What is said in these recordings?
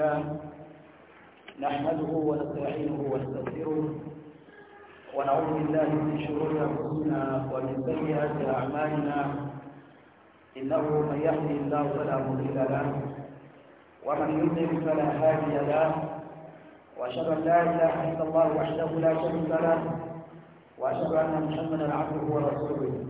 الله نحمده ونستعينه ونستغفره ونعوذ بالله من شرور انفسنا ومن سيئات اعمالنا انه من يهدي الله فلا مضل له ومن يضلل فلا هادي له واشهد ان لا اله الا الله وحده لا شريك له واشهد ان محمدا عبده ورسوله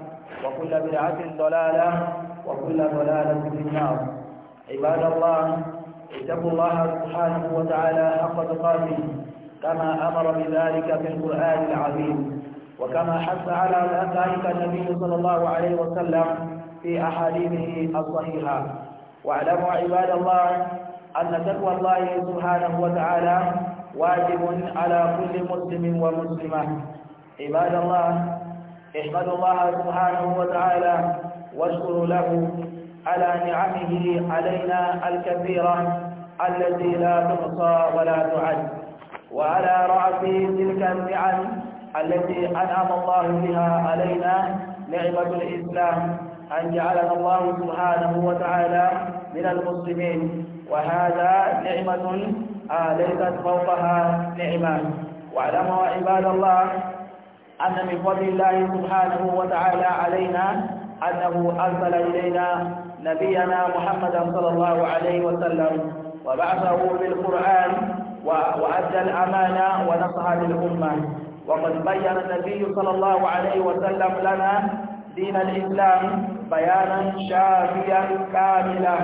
وكل بدعة ضلالة وكل ضلالة في النار عباد الله اتقوا الله سبحانه وتعالى حق تقاته كما أمر بذلك في القرآن العظيم وكما حث على ذلك النبي صلى الله عليه وسلم في أحاديثه الصحيحة واعلموا عباد الله أن تقوى الله سبحانه وتعالى واجب على كل مسلم ومسلمة عباد الله احمد الله سبحانه وتعالى واشكر له على نعمه علينا الكثيرة التي لا تحصى ولا تعد وعلى رأس تلك النعم التي أنعم الله بها علينا نعمة الإسلام أن جعلنا الله سبحانه وتعالى من المسلمين وهذا نعمة آه، ليست فوقها نعمة واعلموا عباد الله أن من فضل الله سبحانه وتعالى علينا أنه أرسل إلينا نبينا محمدا صلى الله عليه وسلم وبعثه بالقرآن وأدى الأمانة ونصح للأمة وقد بين النبي صلى الله عليه وسلم لنا دين الإسلام بيانا شافيا كاملا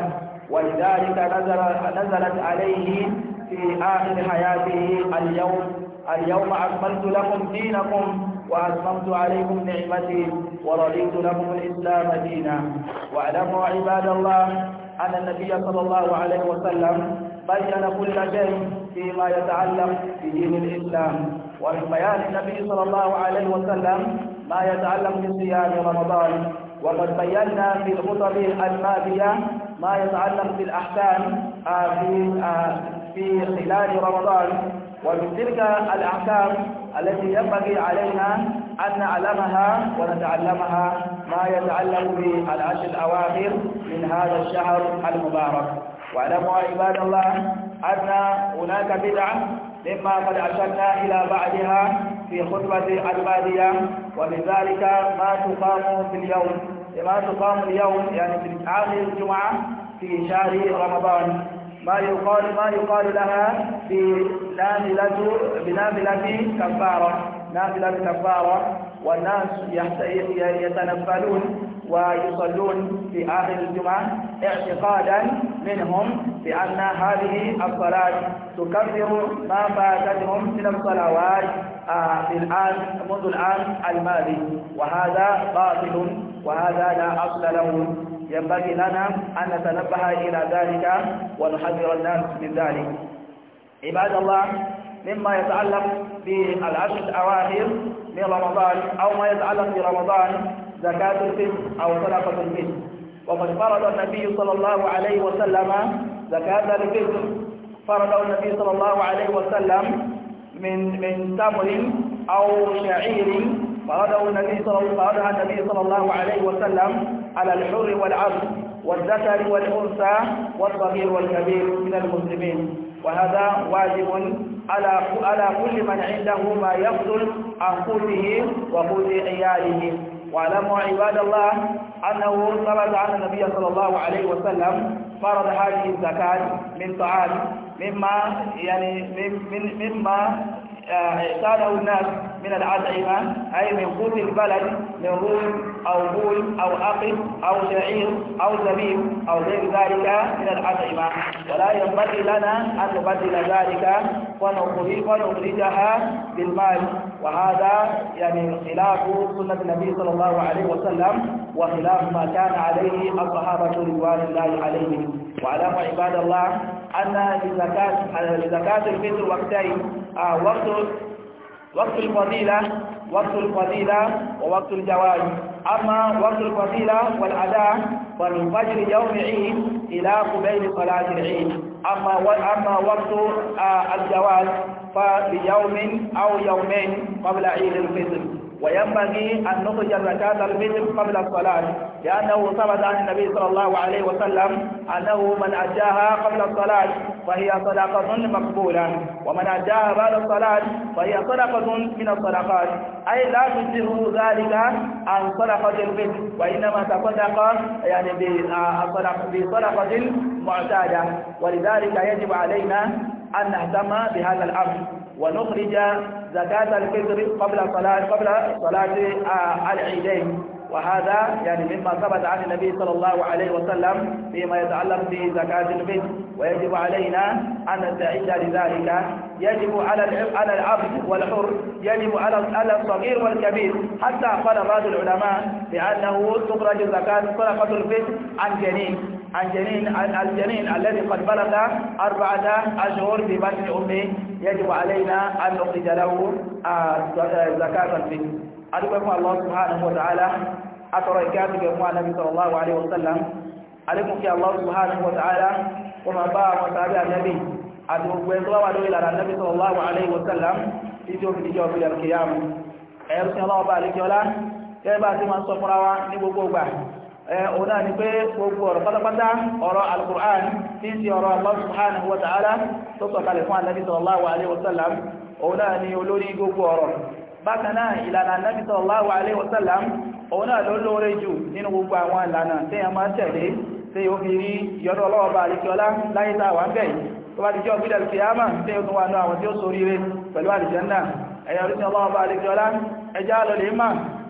ولذلك نزل نزلت عليه في آخر حياته اليوم اليوم أكملت لكم دينكم وأتممت عليكم نعمتي ورضيت لكم الإسلام دينا واعلموا عباد الله أن النبي صلى الله عليه وسلم بين كل شيء فيما يتعلق بدين في الإسلام ومن بيان النبي صلى الله عليه وسلم ما يتعلق بصيام رمضان وقد بينا في الخطب الماضية ما يتعلق بالأحكام آه، في آه، في خلال رمضان ومن تلك الأحكام التي ينبغي علينا أن نعلمها ونتعلمها ما يتعلق بالعشر الأواخر من هذا الشهر المبارك واعلموا عباد الله أن هناك بدعة مما قد أشرنا إلى بعدها في خطبة البادية ومن ذلك ما تقام في اليوم ما تقام اليوم يعني في آخر الجمعة في شهر رمضان ما يقال ما يقال لها بنافلة بنافلة كفارة نافلة كفارة والناس يتنفلون ويصلون في آخر الجمعة اعتقادا منهم بأن هذه الصلاة تكفر ما فاتتهم من الصلوات آه، في الآن منذ الآن الماضي وهذا باطل وهذا لا أصل له ينبغي لنا أن نتنبه إلى ذلك ونحذر الناس من ذلك عباد الله مما يتعلق بالعشر الأواخر من رمضان أو ما يتعلق برمضان زكاة الفطر أو صدقة الفطر وقد فرض النبي صلى الله عليه وسلم زكاة الفطر فرض النبي صلى الله عليه وسلم من من تمر أو شعير فرضه النبي صلى الله عليه وسلم على الحر والعبد والذكر والأنثى والصغير والكبير من المسلمين وهذا واجب على على كل من عنده ما يفضل عن قوته وقوت عياله واعلموا عباد الله أنه ثبت على النبي صلى الله عليه وسلم فرض هذه الزكاة من طعام مما يعني مما آه، احتاجه الناس من الأطعمة أي من قوت البلد من غول أو بول أو أقل أو شعير أو زبيب أو غير ذلك من الأطعمة ولا ينبغي لنا أن نبدل ذلك ونخرجها بالمال وهذا يعني خلاف سنة النبي صلى الله عليه وسلم وخلاف ما كان عليه الصحابة رضوان الله عليهم وعلموا عباد الله أن لزكاة الفطر وقتين وقت الفضيلة وقت الفضيلة ووقت الجواز أما وقت الفضيلة والأداء فمن فجر يوم عيد إلى قبيل صلاة العيد أما أما وقت الجواز فبيوم أو يومين قبل عيد الفطر وينبغي أن نخرج زكاة الفطر قبل الصلاة لأنه ثبت عن النبي صلى الله عليه وسلم أنه من أداها قبل الصلاة فهي صدقة مقبولة ومن أداها بعد الصلاة فهي صدقة من الصدقات أي لا تجزئه ذلك عن صدقة الفطر وإنما تصدق يعني آه، بصدقة معتادة ولذلك يجب علينا أن نهتم بهذا الأمر ونخرج زكاة الفطر قبل صلاة قبل صلاة آه، العيدين وهذا يعني مما ثبت عن النبي صلى الله عليه وسلم فيما يتعلق بزكاة الفطر ويجب علينا أن نستعد لذلك يجب على على العبد والحر يجب على على الصغير والكبير حتى قال بعض العلماء بأنه تخرج زكاة صدقة الفطر عن جنين الجنين الجنين الذي قد بلغ أربعة أشهر في بطن أمه يجب علينا أن نخرج له زكاة الفطر أدعوكم الله سبحانه وتعالى أترى إكاتك يا النبي صلى الله عليه وسلم أدعوكم يا الله سبحانه وتعالى وما باع وتابع النبي أدعوكم الله وأدعو النبي صلى الله عليه وسلم في يوم الجواب إلى القيامة أيها الله بارك الله كيف أتمنى الصفراء نبوكوا òun náà ni pé gbogbo ọ̀rọ̀ pátápátá ọ̀rọ̀ alukur'an tí ń ti ọ̀rọ̀ Allah subhanahu wa ta'ala tó sọ̀kalẹ̀ fún anabi sallallahu alayhi wa sallam òun náà ni olórí gbogbo ọ̀rọ̀ bákan náà ìlànà anabi sallallahu alayhi wa sallam òun náà ló lóore jù nínú gbogbo àwọn ìlànà tí a máa tẹ̀lé tí ó fi rí yọ́nú ọlọ́ọ̀bá àríkíọlá láyé táwà ń bẹ̀ tó bá dìjọ́ gbídà kí á máa tí ó tún wà náà àwọn tí ó sóríire pẹ̀lú àlùjánnà ẹ̀yà orí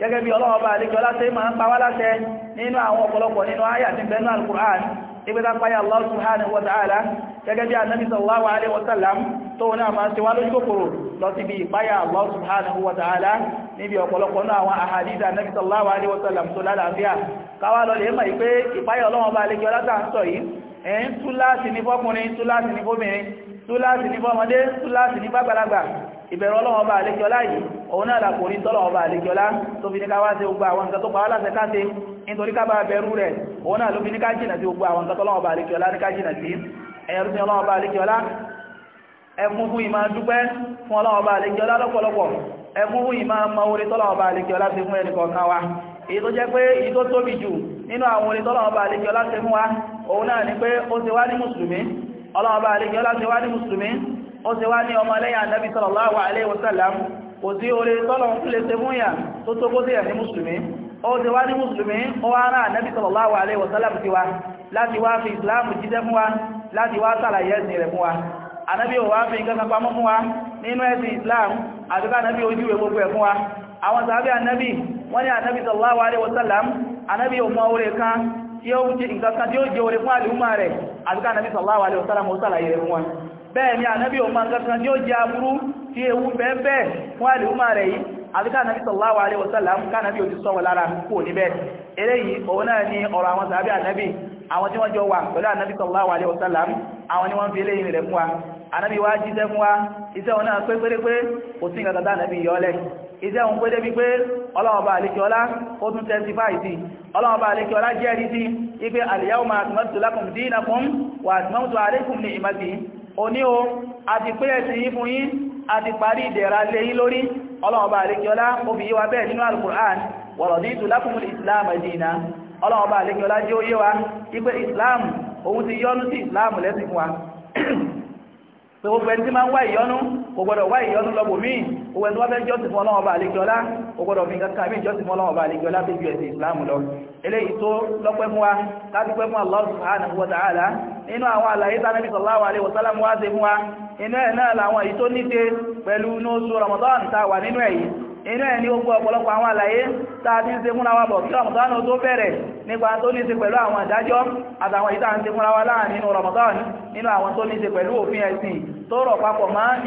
gẹ́gẹ́ bí ọlọ́wọ́ bá àlejò láṣẹ máa ń pa wá láṣẹ nínú àwọn ọ̀pọ̀lọpọ̀ nínú àyà tí bẹnu al-Qur'an ìgbẹ́ta páyà Allah subhanahu wa ta'ala gẹ́gẹ́ bí Ànábì sallallahu alaihi wa sallam tó náà máa ṣe wá lójú kòkòrò lọ sí bí ìpáyà Allah subhanahu wa ta'ala níbi ọ̀pọ̀lọpọ̀ náà àwọn àhàdídà Ànábì sallallahu alaihi wa sallam tó lálàáfíà káwà lọ lè mọ̀ pé ìpáyà ọlọ́wọ́ bá ìbẹ̀rù ọlọ́wọ́n bá àlékiọlá yìí òun náà làkò ní tọ́lọ̀wọ́n bá àlékiọlá tó fi ní ká wá sí gbogbo àwọn nǹkan tó pa aláṣẹ káṣe nítorí ká bá bẹ̀rù rẹ̀ òun náà ló fi ní ká jìnà sí gbogbo àwọn nǹkan tọ́lọ̀wọ́n bá àlékiọlá ní ká jìnà sí ẹ̀yẹrú ma orí tọ́lọ̀wọ́n bá àlékiọlá fi fún ẹnìkọ̀ọ̀kan wa èyí tó jẹ́ pé èyí tó tóbi jù nínú àwọn orí tọ́lọ̀wọ́n bá àlékiọlá ṣe fún wa ó ṣe wá ní ọmọ lẹ́yìn ànábì sallallahu alaihi wasallam kò sí orí tọ́lọ̀un tó lè ṣe fún yà tó tó kó sí ẹ̀ ní mùsùlùmí ó ṣe wá ní mùsùlùmí ó wá rán ànábì sallallahu alaihi wasallam ti wa láti wá fi ìsìláàmù jíjẹ́ fún wa láti wá sàlàyé ẹ̀sìn rẹ̀ fún wa ànábì ò wá fi nǹkan kan pamọ́ fún wa nínú ẹ̀sìn islam àti ká ànábì ojú ìwé gbogbo tí ó ń jẹ nǹkan tí ó jẹ orí fún àlùmọ́ rẹ̀ àti ká ànábì sallallahu alaihi wasallam ó sàlàyé rẹ̀ fún bẹ́ẹ̀ ni ànábì o máa kankan tí ó jẹ aburú tí ewu bẹ́ẹ̀ fún àlèhúmà rẹ̀ yìí àbíká ànábì sallallahu alaihi wasallam kánàbí o ti sọ́wọ́ lára kò níbẹ̀ eléyìí òun náà ni ọ̀rọ̀ àwọn sàábí ànábì iṣẹ́ òun pé débi pé ọlọ́ọ̀bà àlékiọlá ó tún tẹ́sífáì sí ọlọ́ọ̀bà àlékiọlá jẹ́rìí sí ipé al-yawma akmaltu lakum dinakum wa atmamtu alaykum ni'mati òní o àti pé ẹ̀sìn yí fún yín àti parí ìdẹ̀ra lé yín lórí ọlọ́run ọba àlékiọlá ó fi yíwa bẹ́ẹ̀ nínú al-Qur'an wa raditu lakumul Islam dinan ọlọ́run pé gbogbo ẹni tí máa ń wá ìyọnu kò gbọdọ̀ wá ìyọnu lọ́bù míì gbogbo ẹni wọ́n fẹ́ jọ́sìn fún ọlọ́wọ́ bá àlejòọ́lá kò gbọdọ̀ fi nǹkan kan mí jọ́sìn fún ọlọ́wọ́ bá àlejòọ́lá tó ju ẹ̀sìn ìsìláàmù lọ eléyìí tó lọ́pẹ́ fún wa kájúpẹ́ fún Allah subhanahu wa ta'ala nínú àwọn àlàyé tá Ànábì sallallahu alaihi wasallam wa inú ẹ̀ náà làwọn èyí tó ní ṣe pẹ̀lú Ramadan tá a wà nínú inú ẹ̀ ní gbogbo ọ̀pọ̀lọpọ̀ àwọn àlàyé tàbí ń ṣe múra wa bọ̀ kí ọmọdánù tó bẹ̀rẹ̀ nípa tó ní ṣe pẹ̀lú àwọn ìdájọ́ àtàwọn ìta ń ṣe múra wa láàrin nínú Ramadan nínú àwọn tó ní ṣe pẹ̀lú òfin ẹ̀sìn tó Ramadan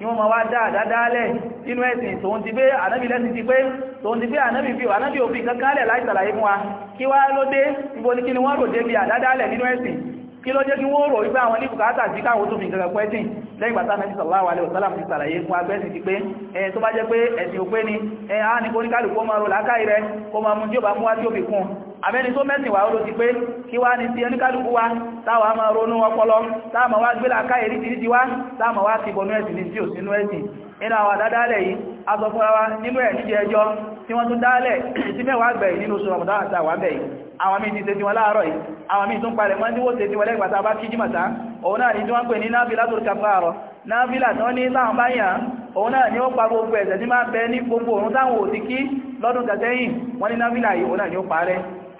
ni wọ́n ma wá dáadáa dálẹ̀ nínú ẹ̀sìn tó ń ti pé ànábì lẹ́sìn ti pé tó ń ti pé ànábì fi ànábì òfin kankanlẹ̀ láìsàlàyé fún wa kí wá ló dé ibo ní kí ni wọ́n rò dé bí àdádálẹ̀ nínú ẹ̀sìn kí ló jẹ́ kí wọ́n rò wípé àwọn ní bùkátà sí káwọn tó fi nǹkan pẹ́ tí lẹ́yìn bàtà náà sallallahu alaihi wasallam ti sàlàyé fún agbẹ́sìn ti pé ẹ̀ tó bá jẹ́ pé ẹ̀sìn òpé ni ẹ̀ á ní kóníkàlù kó máa rò lákàí rẹ kó máa mú tí ó bá mú wá tí ó fi kún àbẹ́ni tó mẹ́sìn wà ó ló ti pé kí wá ní ti oníkálùkù wa táwà máa ronú ọpọlọ táàmà wá gbé làkáyè rí ti rí ti wá táàmà wá ti bọnú ẹ̀sìn ní tí ò sínú ẹ̀sìn nínú àwọn àdádálẹ̀ yìí a sọ fún wa nínú ẹ̀ níjẹ ẹjọ́ tí wọ́n tún dálẹ̀ tí mẹ́wàá gbẹ̀yìn nínú oṣù Ramadan àtàwà bẹ̀yìn àwọn míì ti ṣe tiwọn láàárọ̀ yìí àwọn míì tún palẹ̀ mọ́ níwò ṣe tiwọn lẹ́gbàtà bá kí ni tí wọ́n pè ní náàbílá tó kàfàárọ̀ náàbílà tán ní ni ó pa gbogbo ẹ̀ṣẹ̀ tí máa bẹ ní gbogbo òun táwọn òsì kí lọ́dún tàtẹ́yìn wọ́n ni ó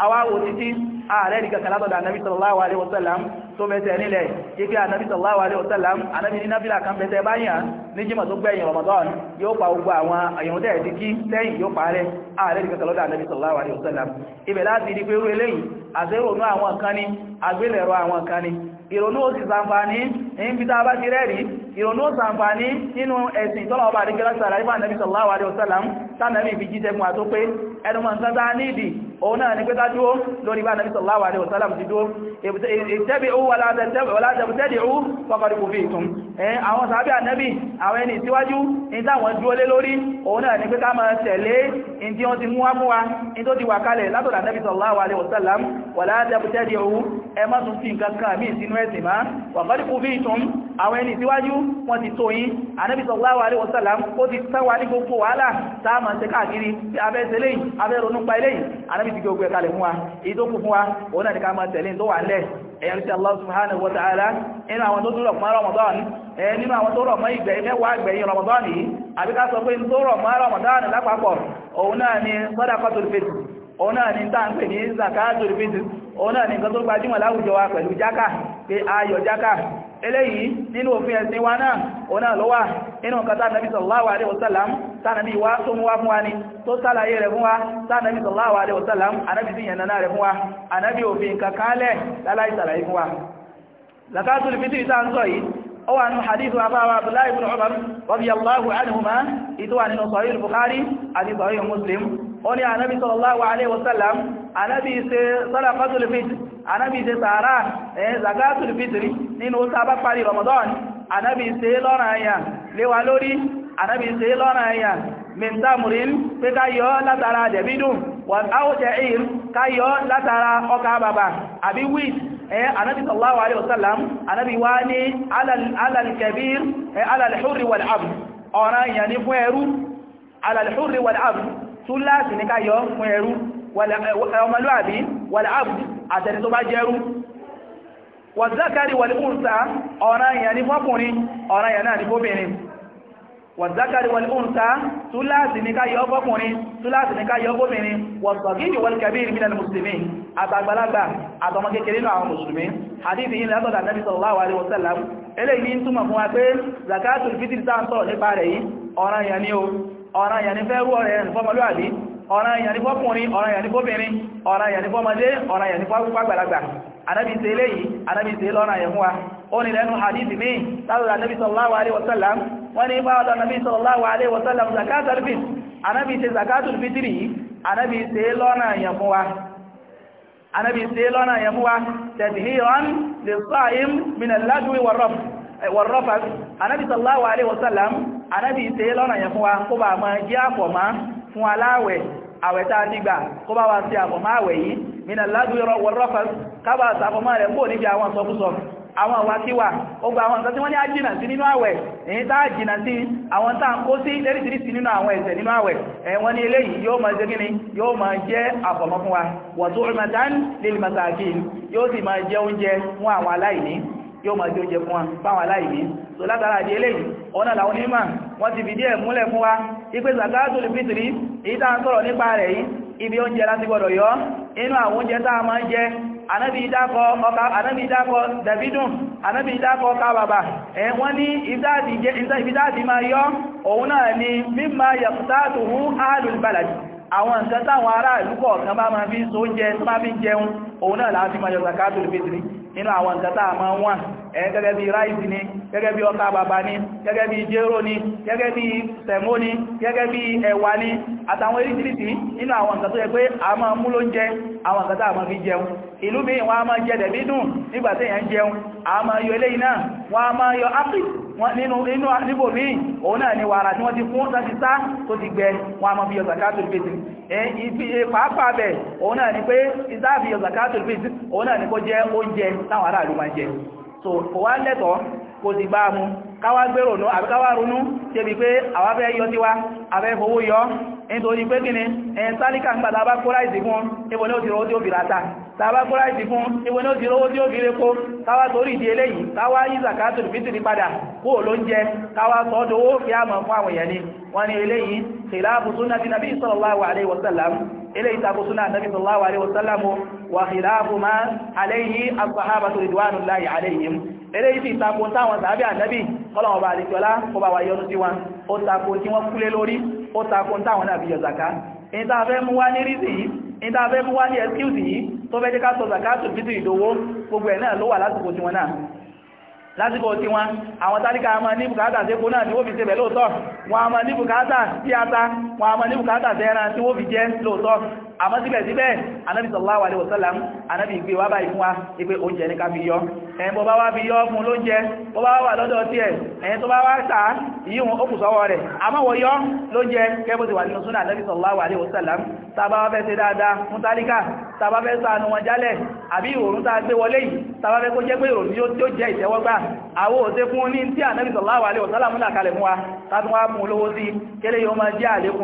awáwò títí ààrẹ nìkan kalátọ̀dà anábì sallallahu alaihi wasallam tó mẹ́sẹ̀ nílẹ̀ ipé anábì sallallahu alaihi wasallam anábì ní nábìlà kan bẹ̀tẹ̀ báyàn ní jímọ̀ tó gbẹ̀yìn Ramadan yóò pa ogbó àwọn àyàn tẹ́ẹ̀ ti sallallahu alaihi wasallam ibẹ̀ láti rí pé rú eléyìí àzẹ́rònú àwọn kan ní agbélẹ̀rọ àwọn kan ní ìrònú ó sì sàǹfàní ní bí tàbá ti rẹ́rí ìrònú ó sàǹfàní nínú ẹ̀sìn tọ́lọ̀ ọba àríkẹ́lá sàràrífà nàbí sallallahu alaihi wasallam tánàbí ìfìjíṣẹ́gun àtópé ẹnumọ̀ nǹkan tá nídìí òun náà ni pé ká dúó lórí bá nàbí sallallahu alaihi wasallam ti dúó ìtẹ́bìú wàlátẹ́dìú fọ́kọ̀dìkù fi ìtún àwọn sàábí ànábì àwọn ẹni ìtíwájú ní táwọn dúó lé lórí òun náà ni pé ká máa tẹ̀lé in tí wọ́n ti mú wá mú alaihi wasallam wàlátẹ́dìú ẹ má tún fi nǹkan kan mí sínú ẹ̀sìn má wàkọ́dìkù fi ìtún àwọn alaihi wasallam ó ti sáwà ní gbogbo wàhálà táà máa ń ṣe káàkiri abẹ́ ṣe ti gbogbo ẹ̀ kalẹ̀ fún wa èyí tó kù fún wa òun náà ni ká máa tẹ̀lé tó wà lẹ̀ ẹ̀yàn tí Allah subhanahu wa ta'ala nínú àwọn tó tún rọ̀ mọ́ Ramadan nínú àwọn tó rọ̀ mọ́ ìgbẹ̀ mẹ́wàá yìí àbíká sọ pé tó rọ̀ mọ́ lápapọ̀ òun náà ni òun náà ni tá ń pè ní zakatul fitr òun náà ni nǹkan tó gbajúmọ̀ láwùjọ wa pẹ̀lú jákà pé ayọ̀ jákà eléyìí nínú òfin ẹ̀sìn wa náà òun náà ló nǹkan alaihi wasallam tánàbí wá wa ni tó sálàyé rẹ̀ fún wa tánàbí sallallahu alaihi wasallam anábì sí ìyànnà rẹ̀ fún wa anábì òfin kankanlẹ̀ láláì sàlàyé fún wa zakatul fitr tá ń sọ yìí ó wà nínú hadithu àbáwà abdullahi ibn bukhari àti sahih muslim ó ní ànábì sallallahu alaihi wasallam ànábì ṣe sadaqatul fitr ànábì ṣe sàárà ẹ̀ zakatul fitri nínú sábà parí Ramadan ànábì ṣe lọ́rọ̀ ẹ̀yà léwa lórí ànábì ṣe lọ́rọ̀ ẹ̀yà min tamrin pé káyọ látara dẹ̀bídù wàtáwọ̀tẹ̀ ìr káyọ látara ọkà bàbà àbí wíìtì النبي صلى الله عليه وسلم النبي واني على على الكبير على الحر والعبد أنا يعني فيرو على الحر والعبد túláàsì ní káyọ fún ẹrú ọmọlúàbí wàlẹ̀ àbù àtẹni tó bá jẹ́rú wàzákàrí wàlẹ̀ oúnta ọ̀rọ̀ ìyàn ní fọ́kùnrin ọ̀rọ̀ ìyàn náà ní fóbìnrin wàzákàrí wàlẹ̀ oúnta túláàsì ní káyọ fọ́kùnrin túláàsì ní káyọ fóbìnrin wàsọ̀gíyì muslimin hadithi yìí látọ̀dà nabi wa pé zakatul fitr sáà ń sọ̀rọ̀ nípa rẹ̀ yìí ọ̀rọ̀ ìyàn ni ó ọ̀ràn ìyà ní fẹ́ rú ọ̀rẹ́ ẹ̀rìn fọ́mọlúwàbí ọ̀ràn ìyà ní fọ́kùnrin ọ̀ràn ìyà ní fóbìnrin ọ̀ràn ìyà ní fọ́mọdé ọ̀ràn ìyà ní fọ́gbàlagbà anábi ṣe eléyìí anábi ṣe lọ́ràn ẹ̀fún wa ó ní lẹ́nu hadithi míì látọ̀dọ̀ anábi sallallahu alaihi wasallam wọ́n ní báwọn anábi sallallahu alaihi wasallam zakatul fit anábi ṣe zakatul fitri yìí anábi wọ̀rọ̀fà anábi sallallahu alaihi wasallam anábi ìtẹ́ lọ́nà yẹn fún wa kó bá máa jẹ́ àpọ̀má fún aláwẹ̀ àwẹ̀ta nígbà kó bá wá sí àpọ̀má àwẹ̀ yìí mina lágbèrọ wọ̀rọ̀fà kábà sàpọ̀má rẹ̀ kó níbi àwọn sọkúsọ àwọn àwákíwà ogbà àwọn ǹkan tí wọ́n ní àjìnà sí nínú àwẹ̀ èyí tá àjìnà sí àwọn tá ń kó sí lẹ́rìsìrìsì nínú àwọn ẹ̀ṣẹ̀ nínú àwẹ̀ ẹ̀wọ́n ní eléyìí yóò máa jẹ́ gíní yóò máa jẹ́ àfọ̀mọ́ fún wa yóò sì máa jẹ oúnjẹ fún àwọn aláìní yóò máa jẹ́ fún wa fáwọn aláìní so látara àdí eléyìí ọ̀nà làwọn onímọ̀ wọ́n ti fìdí ẹ̀ múlẹ̀ fún wa ipé zakatul fitri èyí tá ń sọ̀rọ̀ nípa rẹ̀ yìí ibi oúnjẹ láti gbọdọ̀ yọ inú àwọn oúnjẹ tá a máa ń jẹ ni mímọ̀ yàtàtù hù áàlùl baladi àwọn nǹkan táwọn ará ìlú kọ̀ọ̀kan bá máa fi sóúnjẹ tó máa fi jẹun òun náà láti máa yọ zakatul fitri nínú àwọn nǹkan tá a máa gẹ́gẹ́ bí ráìsì ni gẹ́gẹ́ bí ọkà bàbà ni gẹ́gẹ́ bí jéró ni gẹ́gẹ́ bí sẹ̀mó ni gẹ́gẹ́ bí ẹ̀wà ni àtàwọn eríṣìíríṣìí nínú àwọn nǹkan tó yẹ pé a máa mú lóúnjẹ àwọn àgbàtà àmọ́ fi jẹun ìlú mi wọ́n a máa jẹ dẹ̀bí dùn nígbàtí èyàn jẹun a máa yọ eléyìí náà wọ́n a máa yọ ápì nínú inú níbò míì òun náà ni wàrà tí wọ́n ti fún láti sá tó ti gbẹ wọn a máa fi yọ zakatul fitr e, ni pé ìsáàfi yọ zakatul ni kó jẹ oúnjẹ táwọn aráàlú so kò wá lẹ́tọ̀ọ́ kò sì bá mú káwá gbèrò nú àbí káwá runú tí ebi pé àwa fẹ́ yọ sí wa àfẹ́ fowó yọ nítorí pé kíni ẹ̀yìn sálíkà ń gbàdá bá kóra ìsì fún níbo ní ó ti rówó tí ó fi rata tàbá kóra ìsì fún níbo ní ó ti rówó tí ó fi rékó káwá torí ìdí eléyìí káwá ìzàká tó fi tìrí padà kú ò ló ń jẹ káwá sọ dowó kí á mọ̀ fún àwọn èèyàn ni wọ́n ní khilafu sunnati nabi sallallahu alaihi wasallam eléyìí tako súnà nàbí sallallahu alaihi wasallamu wa khilafu ma alayhi as-sahabatu ridwanullahi alayhim eléyìí sì tako táwọn sàábí ànábì kọ́lọ̀wọ̀ bá àríkọ́lá kó bá wà yọnu sí wọn ó tako tí wọ́n kúlé lórí ó tako táwọn náà bí yọ zaka ìtafẹ́ mú wá ní rízì yìí ìtafẹ́ mú wá ní ẹ̀skíùsì yìí tó fẹ́ jẹ́ ká sọ zaka tó fítì ìdówó gbogbo ẹ̀ náà ló wà lásìkò tí wọn náà lásìkò tí wọn àwọn tálíkà a máa ní bùkátà sí kó náà ni ó fi ṣe bẹ̀ lóòtọ́ wọn a máa ní bùkátà sí ata wọn a máa ní bùkátà sẹ́ran tí wọ́n fi jẹ́ lóòótọ́ àmọ́ síbẹ̀síbẹ̀ anábì sallallahu alaihi wasallam anábì gbé wá báyìí fún wa ipé oúnjẹ ní ká fi yọ ẹ̀yìn bọ́ bá wá fi yọ fún lóúnjẹ bọ́ bá wà lọ́dọ̀ tí ẹ̀ ẹ̀yìn tó bá wá tà yíhun ó kù sọ́wọ́ rẹ̀ àmọ́ wọ yọ lóúnjẹ kẹ́bù ti wà nínú súnà anábì sallallahu alaihi wasallam tàbá wá fẹ́ ṣe dáadáa fún tálíkà tàbá fẹ́ ṣàánú wọn jálẹ̀ àbí ìròrùn tàà gbé wọlé yìí tàbá fẹ́ kó jẹ́ pé ìròrùn tí ó jẹ́ ìtẹ́wọ́gbà àwọ́ òṣèkún ní tí anábì sallallahu alaihi wasallam kalẹ̀ mú wa tàbí wá mú olówó sí kéré yóò máa jẹ́ àlékún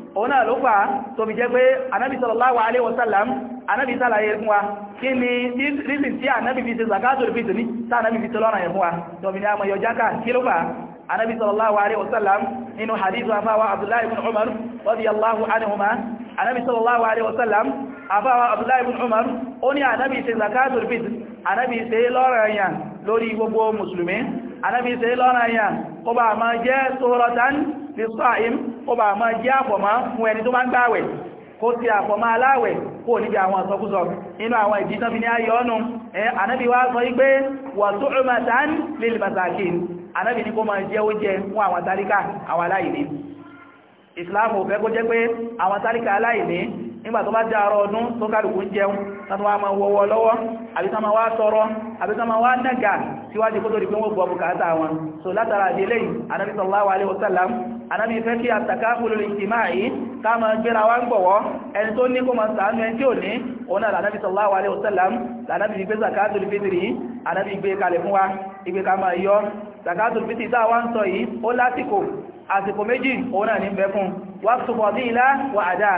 òun náà ló fà tó fi jẹ́ pé anábì sallallahu alaihi wasallam anábì sàlàyé fún wa kí ni rísìn tí anábì fi ṣe zakatul fitr ní tá anábì fi ṣe lọ́nà ẹ̀ fún wa tó fi ní àmọ́ yọ jákà kí ló fà anábì sallallahu alaihi wasallam nínú hadithu afáwa abdullahi ibn umar radiyallahu anhuma anábì sallallahu alaihi wasallam afáwa abdullahi ibn umar ó ní anábì ṣe zakatul fitr anábì ṣe lọ́rọ̀ ẹ̀yàn gbogbo mùsùlùmí anábì ṣe lọ́rọ̀ ẹ̀yàn kó bá máa jẹ́ sóratan lè kó bá máa jẹ́ àfọ̀mọ́ fún ẹni tó máa ń gbààwẹ̀ kó ti àfọ̀mọ́ aláwẹ̀ kó níbi àwọn àsọkúsọ inú àwọn ìdí tán fi ní ayọ́ ọ̀nà ẹ̀ ànábì wá sọ wípé wà tó rọmọ tán lil masakin ànábì ní kó máa jẹ́ oúnjẹ fún àwọn tálíkà àwọn aláìní ìsìláàmù ò fẹ́ kó jẹ́ pé àwọn tálíkà aláìní nígbà tó bá jẹ́ àrọ ọdún tó kálùkù ń jẹun tàbí wọ́n máa wọ́wọ́ lọ́wọ́ àbí tàbí wá tọrọ àbí tàbí wá nẹ́gà síwájú kó tó so látara àdílé ànábì sallallahu alaihi anábì fẹ́ kí àtàkáfùlù ìtìmáàí ká máa gbéra wá ń gbọ̀wọ́ ẹni tó ní kó máa ṣàánú ẹni tí ò ní òun náà lànàbì sallallahu alaihi wasallam lànàbì gbé zakatul fitri anábì gbé kalẹ̀ fún wa ìgbé ká máa yọ zakatul fitri tá wá ń sọ yìí ó lásìkò àsìkò méjì òun náà ní bẹ fún waqtu fadila wa ada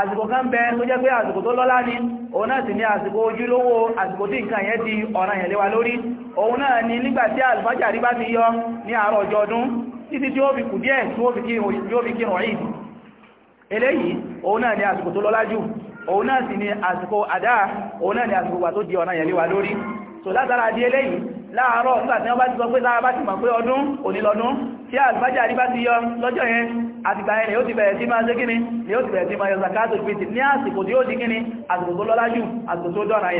àsìkò kan bẹ tó jẹ́ pé àsìkò tó lọ́lá ni òun náà sì ní àsìkò ojúlówó àsìkò tí nǹkan yẹn di ọ̀ranyàn lé wa lórí òun náà ni nígbàtí àlùfájàrí bá ti yọ ní àárọ̀ ọjọ́ ọdún títí tí ó fi kù díẹ̀ tí ó fi kírun ìdí eléyìí òun náà ni àsìkò tó lọ́lá jù òun náà sì ni àsìkò àdá òun náà ni àsìkò wà tó di ọ̀nà yẹ̀lẹ́wà lórí so látara di eléyìí láàárọ̀ nígbàtí wọ́n bá ti sọ pé lára bá ti mọ̀ pé ọdún onílọ́dún tí àlùfájà rí bá ti yọ lọ́jọ́ yẹn àtìgbà yẹn yóò ti ni yóò ti bẹ̀rẹ̀ sí máa yọ zakato fìtì ní àsìkò tí ó di kíni àsìkò tó lọ́lá jù àsìkò tó dọ̀nà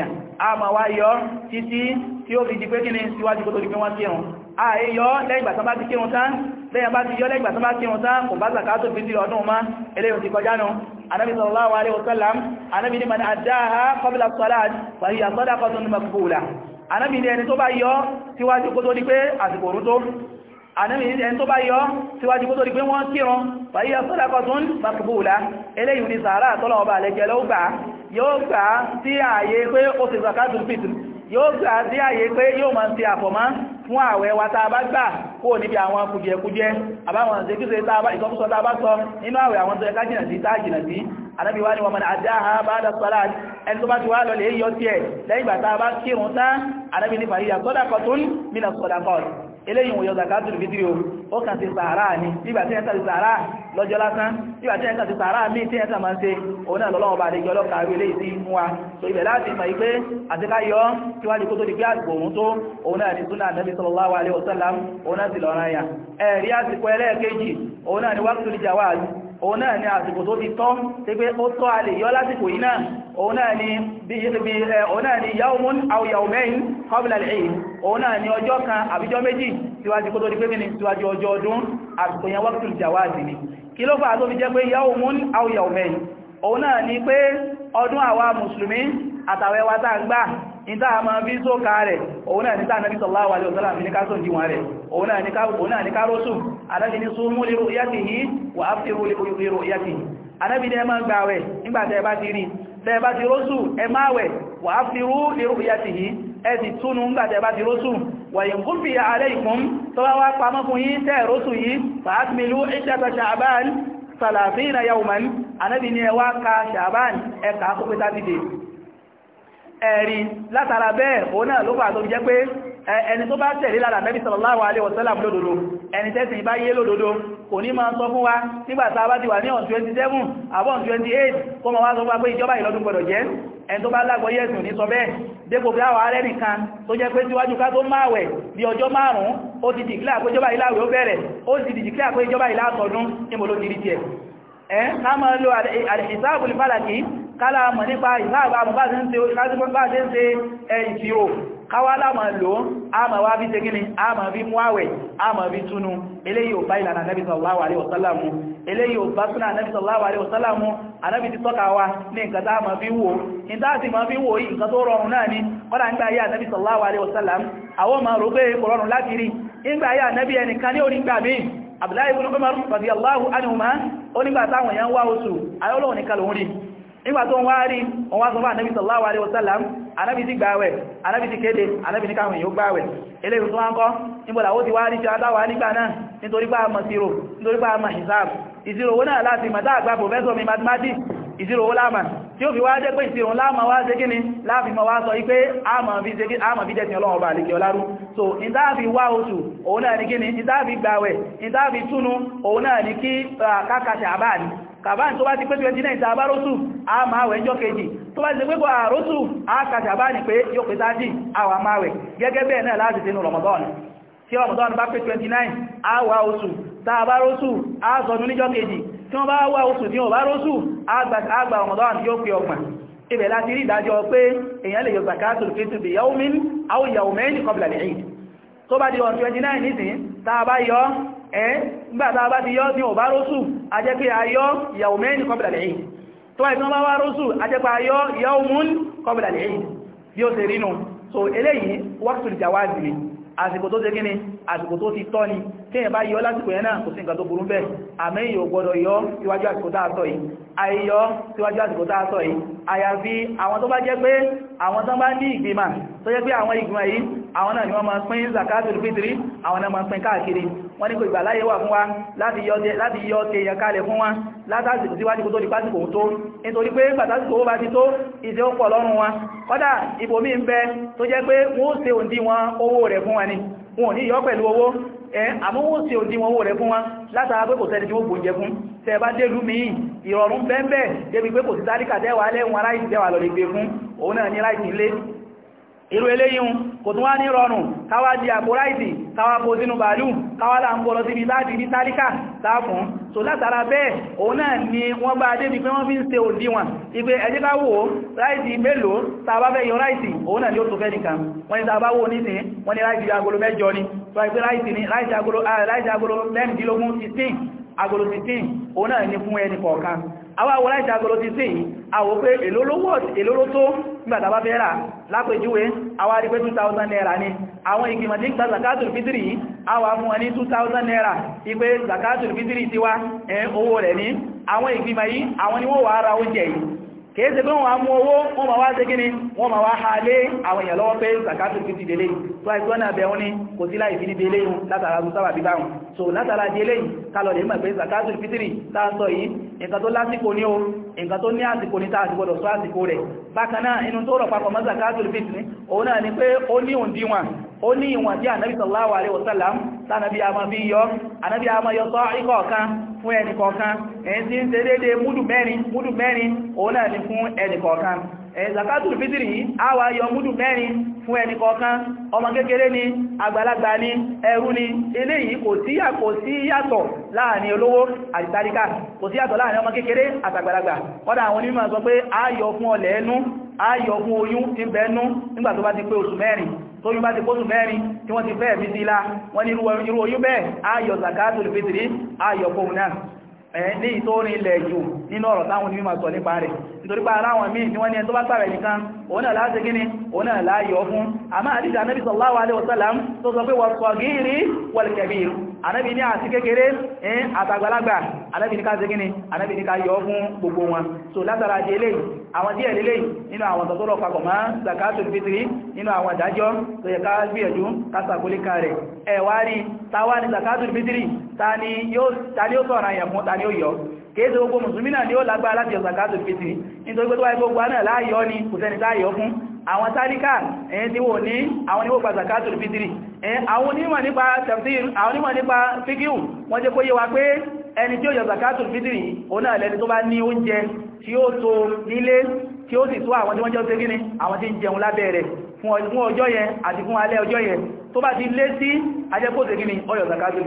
yà àìyọ lẹ́yìn ìgbà tán bá ti kírun tán lẹ́yìn bá ti yọ lẹ́yìn ìgbà tán bá kírun tán kò bá zakato fitiri ọdún ma eléyìn ti kọjá nù anábi sallallahu alaihi wasallam anábi ni man addaha qabla salat fa hiya sadaqatun maqbula anábi ni ẹni tó bá yọ síwájú kó tó di pé àsìkò òru tó anábi ni ẹni tó bá yọ síwájú kó tó di pé wọ́n kírun fa hiya sadaqatun maqbula eléyìn ni sàárà tọ́lọ̀ ọba àlẹ́jẹ́ ló gbà yóò gbà sí ààyè pé ó ti zakatul fitri yóò gbà sí àyè pé yóò máa ṣe àfọ̀mọ́ fún àwẹ̀ wa tá a bá gbà kó níbi àwọn kùjẹkùjẹ àbáwọn ṣekíṣe ìsọkúsọ tá bá sọ nínú àwẹ̀ àwọn tó ẹka jìnà sí tá jìnà sí ànábì wá ní mọ̀ àdáhà bá eléyìn òyọ zakatul fitri o ó kàn sí sàárà ní nígbà tí ẹ̀ta sí sàárà lọ́jọ́ lásán nígbà tí ẹ̀ta sí sàárà míì tí ẹ̀ta máa ń ṣe òun náà lọ́lọ́wọ́ bá lè jọ lọ́ka rí eléyìí sí mú wa so ibẹ̀ láti mọ̀ pé àti káyọ́ kí wá ní kó tó di pé àgbò tó òun náà ní súnà nabi sallallahu alaihi wasallam òun náà sì lọ́ra yà ẹ̀rí àsìkò ẹlẹ́ẹ̀kejì òun náà ní òun náà ni àsìkò tó ti tọ́ tí pé ó tọ́ a lè yọ lásìkò yìí náà òun náà ni bí òun náà ni yawmun aw yawmayn qabla al-eid òun náà ni ọjọ́ kan àbíjọ́ méjì síwájú kó tó di pé mini síwájú ọjọ́ ọdún àsìkò yẹn waqtul jawazi ni kí ló fà tó fi jẹ́ pé yawmun aw ìta àmà bí sókà rẹ̀ òun náà níta anábi sallallahu alaihi wasallam ní ká sọ́njí wọn rẹ̀ òun náà ní ká rọ́sùn anábi ní súnmú lérò wa afiru áfíru lérò yàtìhì anábi ní ẹmà gbàwẹ̀ nígbàtẹ́ bá ti rí ti rọ́sù ẹmáwẹ̀ wà áfíru lérò yàtìhì ẹ ti túnú nígbàtẹ́ bá ti rọ́sù wàyìn kún fi àárẹ̀ ìkún tó yawman ẹ̀rí látara bẹ́ẹ̀ òun náà ló pàtó jẹ́ pé ẹni tó bá tẹ̀lé lára Ànábì sallallahu alaihi wasallam lódodo ẹni tẹ́sìn bá yé lódodo kò ní máa sọ fún wa nígbàtà bá ti wà ní on 27 àbọ̀n 28 kó wá sọ fún wa pé ìjọba ìlọ́dún gbọdọ̀ jẹ́ ẹni tó bá lágbọ́ yẹ́sùn ní sọ bẹ́ẹ̀ dépò pé àwọn arẹ́ nìkan tó jẹ́ pé síwájú ká tó máa wẹ̀ bí ọjọ́ márùn-ún ó ti dìkílà pé ìjọba ìlàwẹ̀ ó bẹ̀rẹ̀ ó ti dìkílà Eh, ká máa lo al-hisab al-falaki kálá mọ̀ nípa ìsáàbà bá ṣe ń ṣe ìṣirò káwà láàmà lò á ma wá bí tegini a ma bí mú àwẹ̀ a Nabi sallallahu alaihi wasallam eléyìí ò bá Nabi sallallahu alaihi wasallam anábi ti tọ́ka wa ní nǹkan tá ma fi wò in tá sì ma fi wò yìí nǹkan tó rọrùn náà ni kọ́nà ń gbá ayé Nabi sallallahu alaihi wasallam àwọn ma rò pé kò rọrùn láti rí in gbá ayé Nabi ẹnìkan ní orí gbà míì Abdullahi ibn Umar radiyallahu anhuma ó nígbà táwọn èèyàn wá oṣù ayọ́lọ́wọ̀n ní kalòun rí nígbà tó ń wá rí òun wá sọ fún ànábì sallallahu alaihi wasallam ànábì ti gbààwẹ̀ ànábì ti kéde ànábì ní káwọn èèyàn gbààwẹ̀ eléyìí tó wá ń kọ́ nígbàlá ó ti wá rí ṣe aláwà nígbà náà nítorí pé a mọ̀ mi mathematics ìṣirò owó láàmà tí ó fi wá jẹ́ pé ìṣirò láàmà wá jẹ́ kíni láàfin ma wá sọ wípé àmà bí jẹ́sìn ọlọ́run ọba àlèkè ọlárú so ìdáàfi wá oṣù òun náà ní kíni ìdáàfi gbàwẹ̀ ìdáàfi túnú òun náà ní kí kákàṣà àbáà ní kàbáà tó bá ti pé 29 àbárósù a máa wẹ̀ ẹjọ́ kejì tó bá ti pé àrósù a kàṣà tí Ramadan bá pé 29 a wá oṣù tàà bá róṣù a sọdún níjọ́ kejì tí wọ́n bá wá oṣù ní a róṣù àgbà Ramadan yóò pé ọgbọ̀n ibẹ̀ láti rí ìdájọ́ pé èyàn lè yọ zakatul fitr bi yawmin aw yawmayn qabla al-eid tó bá di on 29 nìsìn tàà bá yọ ẹ́ nígbàtà bá ti yọ ní ọ̀bá róṣù a jẹ́ pé a yọ yawmayn qabla al-eid tó wáyé tí wọ́n bá wá róṣù a jẹ́ pé a yọ yawmun qabla al-eid bí ó ṣe rínú so àsìkò tó ṣe kíni àsìkò tó ti tọ́ ni tí ẹ̀ bá yọ lásìkò yẹn náà kò sí nǹkan tó burú bẹ́ẹ̀ àmẹ́yìn ò gbọdọ̀ yọ síwájú àsìkò tá a sọ yìí ayọ́ síwájú àsìkò tá a sọ yìí àyàfi àwọn tó bá jẹ́ pé àwọn tó bá ní ìgbìmọ̀ tó jẹ́ pé àwọn ìgbìmọ̀ yìí àwọn náà ni wọ́n máa pín zakatul fitri àwọn náà máa pín káàkiri wọ́n ní kò ìgbà láyé wà fún wa láti yọ tẹ èèyàn kalẹ̀ fún wa látàzìkò síwájú kò tó di pásìkò tó nítorí pé pàtàkì owó bá ti tó ìṣẹ́ ó pọ̀ lọ́rùn wa kọ́dà ibòmí ń bẹ tó ni wọn ò ní yọ pẹ̀lú owó ẹ àmúwò tí ò dín wọn owó rẹ̀ fún wa látara pé ìrọ̀rùn bẹ́ẹ̀ débi pé kò sí tálíkà tẹ́wàá lẹ́wọ̀n aláìsí tẹ́wàá lọ lè gbé fún òun náà ní láìsí ilé irú eléyìn kò tún wá ní rọrùn káwà di àpò ráìsì káwà kó sínú bàálù káwà là ń gbọ́lọ síbi láti ní tálíkà sáàfún so látara bẹ́ẹ̀ òun náà ni wọ́n bá débi pé wọ́n fi ń ṣe òdiwọ̀n ipé ẹjẹ́ ká mélòó tàbá fẹ́ yọ ráìsì òun náà ni ó tó fẹ́ nìkan wọ́n ni tàbá wò nísìn wọ́n ni ráìsì agolo mẹ́jọ ni so ipé ráìsì agolo 16 ah, agolo 15 òun náà ní fún ẹni kọ̀ọ̀kan àwọn àwọn láìsí agolo 15 àwọ̀ pé èlóló tó nígbàtà bá fẹ́ rà lápèjúwe àwọn arí pé 2000 naira ni àwọn ìgbìmọ̀ tí ń zakatul fitri àwọn amúwọn ní 2000 naira ipe zakatul fitri ti wá ẹ owó rẹ̀ ní àwọn ìgbìmọ̀ yìí àwọn ni wọ́n wà ara oúnjẹ yìí kèése pé wọ́n mú owó wọ́n ma wá ṣe kíni wọ́n ma wá ha lé àwọn èèyàn lọ́wọ́ pé zakatu fi ti délé tó àìsọ́ náà bẹ̀ wọ́n ní kò sí láì fi ní délé yìí látara rú sábà bí báhùn so látara délé yìí kálọ̀ lè mọ̀ pé zakatu fi tìrì tá a sọ yìí nǹkan tó lásìkò ní o nǹkan tó ní àsìkò ní táà gbọdọ̀ sọ àsìkò rẹ̀ bákan náà inú tó rọ̀ papọ̀ mọ́ zakatu fi tìrì òun náà ni pé ó ní òǹdíwọ̀n ó ní ìwọ̀n tí ànábì sallallahu alaihi wasallam tánàbí a máa fi yọ ànábì a máa yọ sọ ìkọ̀ọ̀kan fún ẹnìkọ̀ọ̀kan èyí tí ń ṣe déédéé múdù mẹ́rin múdù mẹ́rin òun náà ni fún ẹnìkọ̀ọ̀kan Eh, zakatul fitri yìí a wà yọ múdù mẹ́rin fún ẹni kọ̀ọ̀kan ọmọ kékeré ni àgbàlagbà ni ẹrú ni eléyìí kò sí kò sí yàtọ̀ láàrin olówó àtìtàríkà kò sí yàtọ̀ láàrin ọmọ kékeré àtàgbàlagbà kọ́dà àwọn onímọ̀ sọ pé a yọ fún ọlẹ̀ ẹnu a yọ fún oyún ti bẹ̀ẹ́nú nígbà tó bá ti pé oṣù mẹ́rin tó yún bá ti kóṣù mẹ́rin tí wọ́n ti fẹ́ẹ̀ bí sílá wọ́n ní irú oyún bẹ́ẹ̀ a yọ zakatul fitri a yọ fóun náà ní ìtórin ilẹ̀ jù nínú ọ̀rọ̀ táwọn onímọ̀ sọ nípa rẹ̀ nítorí pa aláwọn míì ní wọ́n ní ẹni tó bá sàrẹ̀ nìkan òun náà láti gíní òun náà láyọ̀ fún àmá àdíjà anábì sallallahu alaihi wasallam tó sọ pé wọ́n sọ gírí wọlẹ̀kẹ̀bí anábì ní àti kékeré ẹn àtàgbàlagbà anábì ní ká ṣe gíní anábì ní ká yọ fún gbogbo wọn so látara jẹ eléyìí àwọn díẹ̀ lélẹ̀ nínú àwọn tọ́tọ́rọ̀ papọ̀ máa zakatul fitri nínú àwọn ìdájọ́ tó yẹ ká gbìyànjú kásàkólé ká rẹ̀ ẹ̀wà rí tàwà ní zakatul fitri tani yóò sọ̀rọ̀ àyàn fún tani ó yọ kéèsè gbogbo mùsùlùmí náà ni ó lágbára láti yọ zakato fitri nítorí pé tó wáyé gbogbo náà láyọ́ ni kò sẹ́ni táyọ́ fún àwọn tálíkà ẹ̀yìn tí wò ní àwọn ni wó gba zakato fitri àwọn onímọ̀ nípa tafsir àwọn onímọ̀ nípa fíkíù wọ́n jẹ́ kó yé wa pé ẹni tí ó yọ zakato fitri òun náà lẹni tó bá ní oúnjẹ tí ó tó nílé tí ó sì tó àwọn fún ọjọ́ yẹn àti fún alẹ́ ọjọ́ yẹn tó bá ti lé sí ajẹ́kó ségíní ó yọ zakato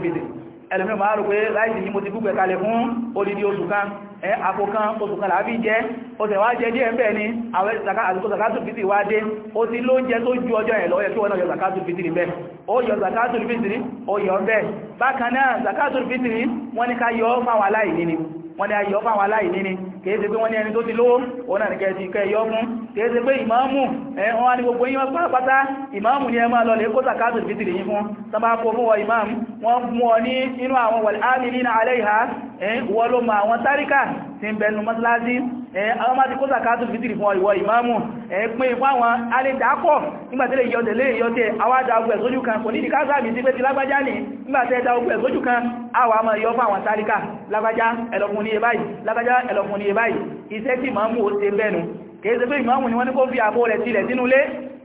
ẹlẹ́mìí máa rò pé láìsí ní mo ti gúgbẹ̀ kalẹ̀ fún olídi oṣù kan ẹ àpò kan oṣù kan làábí jẹ́ o tẹ̀wá jẹ́ díẹ̀ ń bẹ̀ ni àwọn àsìkò fitri wá dé o ti ló ń jẹ tó ju ọjọ́ ẹ̀ lọ́yẹ̀ tí wọ́n náà yọ zakatu fitri ni wọ́n ní ká yọ kèése pé wọ́n ní ẹni tó ti lówó òun náà nìkẹ́ ti kẹ́ yọ fún kèése pé ìmáàmù ẹ̀họ́n wá ní gbogbo yín pátápátá ìmáàmù ni ẹ máa lọ lè kó sàkáàtù fìtìrì yín fún sábà kó fún wọ ìmáàmù wọ́n mú ọ ní inú àwọn wàl'ámilina alayha wọ́n ló mọ àwọn táríkà tí ń bẹnu mọ́sálásí àwọn máa ti kó sàkáàtù fìtìrì fún ìwọ ìmáàmù pín ìfún àwọn alẹ́dàápọ̀ nígbàtílẹ̀ ìyọ́tẹ̀ lè ìyọ́tẹ̀ àwádà ogun ẹ̀sójú kan kò ní ìdíkásá mi sí pé lágbájá ẹlọ́kùn ní ẹbáyìí lágbájá ẹlọ́kùn ní ṣe báyìí iṣẹ́ tí ìmáàmù ó ṣe bẹ́nu kìí ṣe pé ìmáàmù ni wọ́n ní kó fi àbó rẹ̀ sílẹ̀ sínú ilé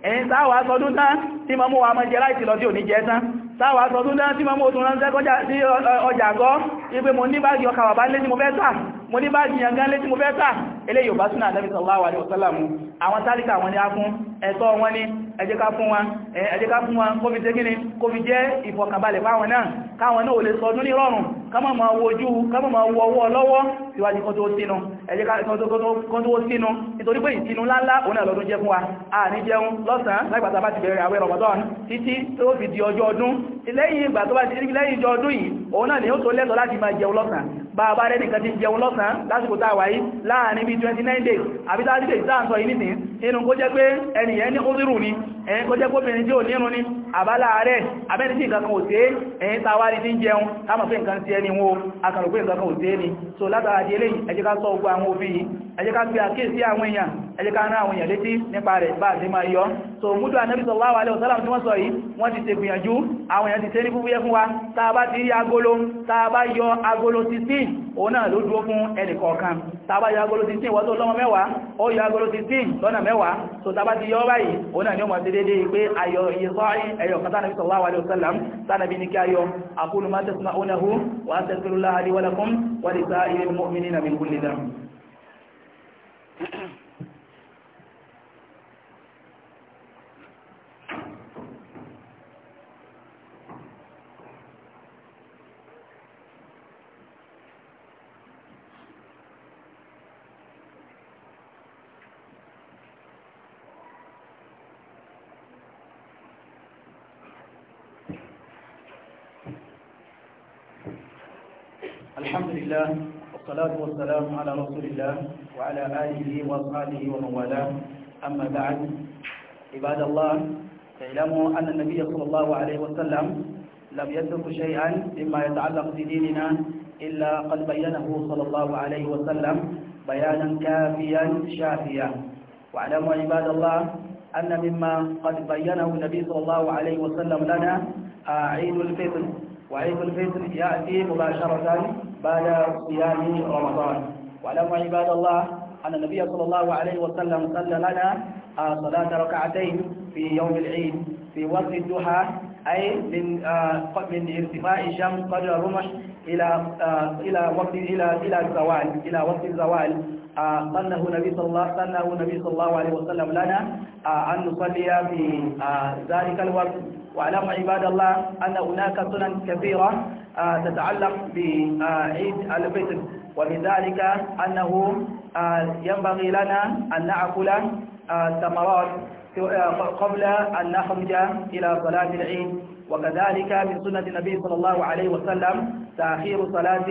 ẹ̀yìn sáwà sọdún tán tí ìmáàmù wa máa jẹ láìsí lọ sí òní jẹ tán sáwà sọdún tán tí ìmáàmù ó tún ránṣẹ́ kọjá sí ọjà gọ́ ipé mo ní báàgì ọkà bàbá lé tí mo fẹ́ mo ní bá jìyàn gan lé tí mo fẹ́ tà eléyìí ò bá súnà Ànábì sallallahu alaihi àwọn tálíkà wọn ni a fún ẹ̀tọ́ wọn ni ẹ jẹ́ ká fún wa ẹ jẹ́ ká fún wa kó fi jẹ́ gíní kó fi jẹ́ ìfọ̀kànbalẹ̀ fáwọn náà káwọn náà ò lè sọdún ní rọrùn kámọ̀ ma wo ojú kámọ̀ ma wo ọwọ́ lọ́wọ́ síwájú kọ́ tó sínú ẹ jẹ́ ká tó sínú nítorí pé ìsinú láńlá òun lọ́sàn lásìkò tá a wà yìí láàrin bí 29 days àbí 30 days dáàntọ́ yìí nìsìn inú kó jẹ́ pé ẹniyàn ní òzìrù ni ẹ̀yìn kó jẹ́ kóbìnrin tí ò nírun ni àbálà rẹ̀ abẹ́ni tí nǹkan kan ò tẹ́ ẹ̀yìn tàwárí tí ń jẹun táàmà pé nǹkan sí ẹni wọn akàrò pé nǹkan kan ò tẹ́ ni so látara di eléyìí ẹ jẹ́ ká sọ ogun àwọn òfin yìí ẹ jẹ́ ká fi àkíyèsí àwọn èèyàn ẹ jẹ́ ká rán àwọn èèyàn létí nípa rẹ̀ bá àti máa yọ so mútu ànábì sallallahu alaihi wasallam tí wọ́n sọ yìí wọ́n ti ṣègbìyànjú àwọn èèyàn ti ṣe ní fúfúyẹ́ fún wa tá a bá ti rí agolo tá a bá yọ agolo 16 òun náà ló dúró fún ẹnìkọ̀ọ̀kan tàbá yọ agolo 16 wọ́n tó lọ́mọ mẹ́wàá ó yọ agolo 16 lọ́nà mẹ́wàá tó tàbá ti yọ báyìí ó náà ni ó mọ̀ sí dédé pé ayọ̀ ìyẹ̀sọ́rí ẹyọ̀ kátánàbí sallallahu ayọ̀ الله والصلاة والسلام على رسول الله وعلى آله وصحبه ومن والاه أما بعد عباد الله اعلموا أن النبي صلى الله عليه وسلم لم يترك شيئا مما يتعلق بديننا إلا قد بينه صلى الله عليه وسلم بيانا كافيا شافيا واعلموا عباد الله أن مما قد بينه النبي صلى الله عليه وسلم لنا آه، عيد الفطر وعيد الفطر يأتي مباشرة بعد صيام رمضان وعلموا عباد الله أن النبي صلى الله عليه وسلم صلى لنا آه، صلاة ركعتين في يوم العيد في وقت الدحى أي من آه، من ارتفاع الشمس قدر الرمح إلى آه، إلى وقت إلى إلى الزوال إلى وقت الزوال سنه النبي صلى الله سنه النبي صلى الله عليه وسلم لنا أن نصلي في ذلك الوقت واعلموا عباد الله أن هناك سنن كثيرة آه، تتعلق بعيد الفطر ولذلك أنه آه، ينبغي لنا أن نأكل آه، ثمرات قبل أن نخرج إلى صلاة العيد وكذلك من سنة النبي صلى الله عليه وسلم تأخير صلاة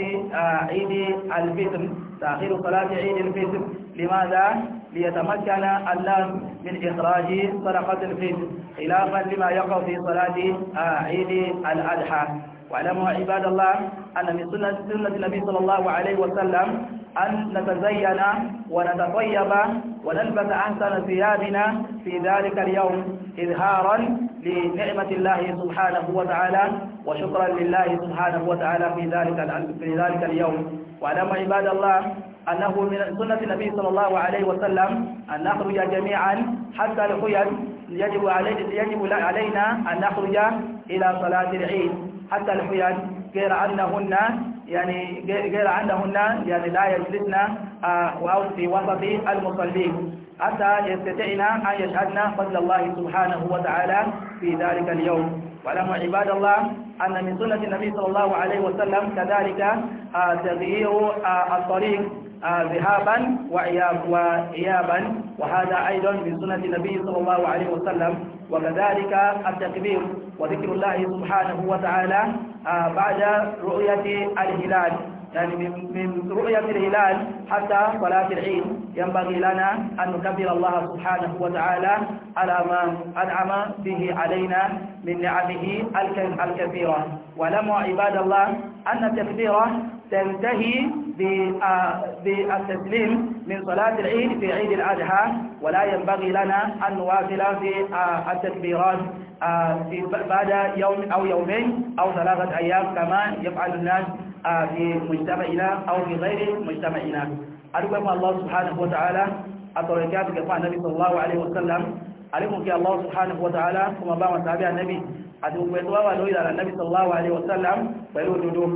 عيد الفطر تأخير صلاة عيد الفطر لماذا؟ ليتمكن الناس من إخراج صدقة الفتن خلافا لما يقع في صلاة عيد الأضحى واعلموا عباد الله أن من سنة, سنة النبي صلى الله عليه وسلم أن نتزين ونتطيب ونلبس أحسن ثيابنا في ذلك اليوم إظهارا لنعمة الله سبحانه وتعالى وشكرا لله سبحانه وتعالى في ذلك في ذلك اليوم واعلموا عباد الله أنه من سنة النبي صلى الله عليه وسلم أن نخرج جميعا حتى الخيل يجب علينا يجب علينا أن نخرج إلى صلاة العيد حتى الخيل غير أنهن يعني غير أنهن يعني لا يجلسن آه، أو في وسط المصلين حتى يستطيعنا أن يشهدنا فضل الله سبحانه وتعالى في ذلك اليوم واعلموا عباد الله أن من سنة النبي صلى الله عليه وسلم كذلك آه، تغيير آه، الطريق آه، ذهابا وإيابا وهذا أيضا من سنة النبي صلى الله عليه وسلم وكذلك التكبير وذكر الله سبحانه وتعالى آه، بعد رؤية الهلال يعني من رؤية الهلال حتى صلاة العيد ينبغي لنا أن نكبر الله سبحانه وتعالى على ما أنعم به علينا من نعمه الكثيرة ولم عباد الله أن التكبيرة تنتهي بالتسليم آه، من صلاة العيد في عيد الأضحى ولا ينبغي لنا أن نواصل في آه، التكبيرات آه، في بعد يوم أو يومين أو ثلاثة أيام كما يفعل الناس في مجتمعنا أو في غير مجتمعنا أدعو الله سبحانه وتعالى أتركات كفاء النبي صلى الله عليه وسلم alimu الله سبحانه وتعالى wa ta'ala kuma النبي wọn tàbí annabi àti gbogbo ẹ̀tọ́wà lórí ìlànà annabi sallallahu alaihi wasallam pẹ̀lú òdodo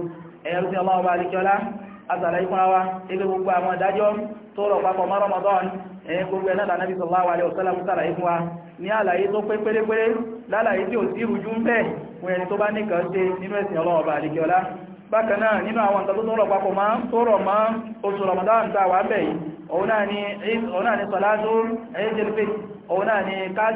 azàlá ikúnra wa ebe gbogbo àwọn ìdájọ́ tó rọ̀ papọ̀ mọ́ Ramadan ẹ̀yẹ gbogbo ẹ̀ náà nàbí sallallahu alaihi wasallam sára wa ní àlàyé tó pé pérépéré lálàyé tí ò sí ìrújú ń bẹ́ẹ̀ fún ẹni tó bá ṣe nínú ẹ̀sìn Ọlọ́run ọba bákan náà nínú àwọn tó rọ̀ papọ̀ Ramadan tá a wà bẹ̀ yìí òun náà ni sọ̀lájú ẹ̀yẹ́jẹ̀lẹ́fẹ́